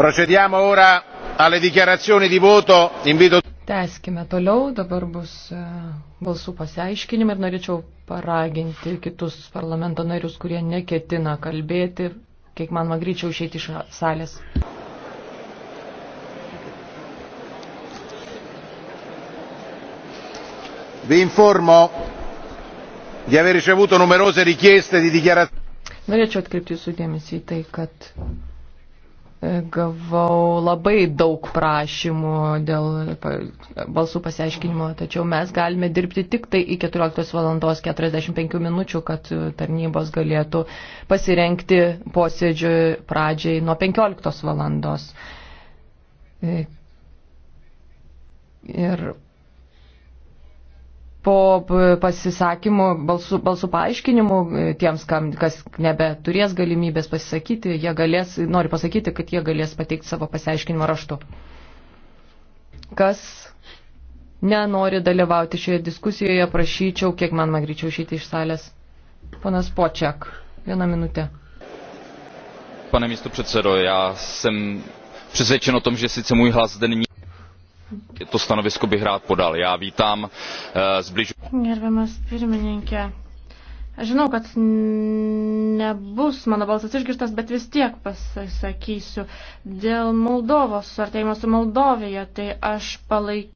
Procediamo ora alle dichiarazioni di voto. Invito... Teskime toliau, dabar bus e, balsų pasiaiškinimai ir norėčiau paraginti kitus parlamento narius, kurie neketina kalbėti, kiek man magryčiau išeiti iš salės. Vi informo di aver ricevuto numerose richieste di dichiarazione. Norėčiau atkreipti jūsų dėmesį į tai, kad gavau labai daug prašymų dėl balsų pasiaiškinimo, tačiau mes galime dirbti tik tai iki 14 valandos 45 minučių, kad tarnybos galėtų pasirenkti posėdžių pradžiai nuo 15 valandos. po pasisakymų, balsų, balsų paaiškinimų e, tiems, kam, kas nebeturės galimybės pasisakyti, jie galės, noriu pasakyti, kad jie galės pateikti savo pasiaiškinimą raštu. Kas nenori dalyvauti šioje diskusijoje, prašyčiau, kiek man magryčiau šitį iš salės. Ponas Počiak, vieną minutę. Pane místo předsedo, já jsem přesvědčen o tom, že sice můj hlas zde není. To stanovisko bych rád podal. Já vítám eh, zbližování. Gerbiamas pirmininkė, žinau, kad nebus mano balsas išgirtas, bet vis tiek pasakysiu. Dėl Moldovos, suartėjimo su Moldovija, tai aš palaikiau.